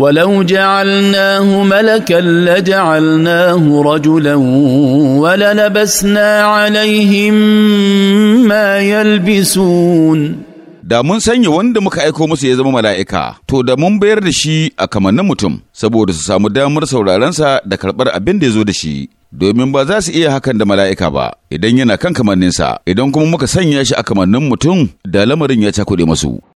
ولو جعلناه ملكا لجعلناه رجلا وللبسنا عليهم ما يلبسون da mun sanya wanda muka aiko musu ya zama mala'ika, to da mun bayar da shi a kamannin mutum, saboda su samu damar saurarensa da karɓar abin da ya zo da shi, domin ba za su iya hakan da mala'ika ba, idan yana kan kamanninsa, idan kuma muka sanya shi a kamannin mutum da lamarin ya cakuɗe masu.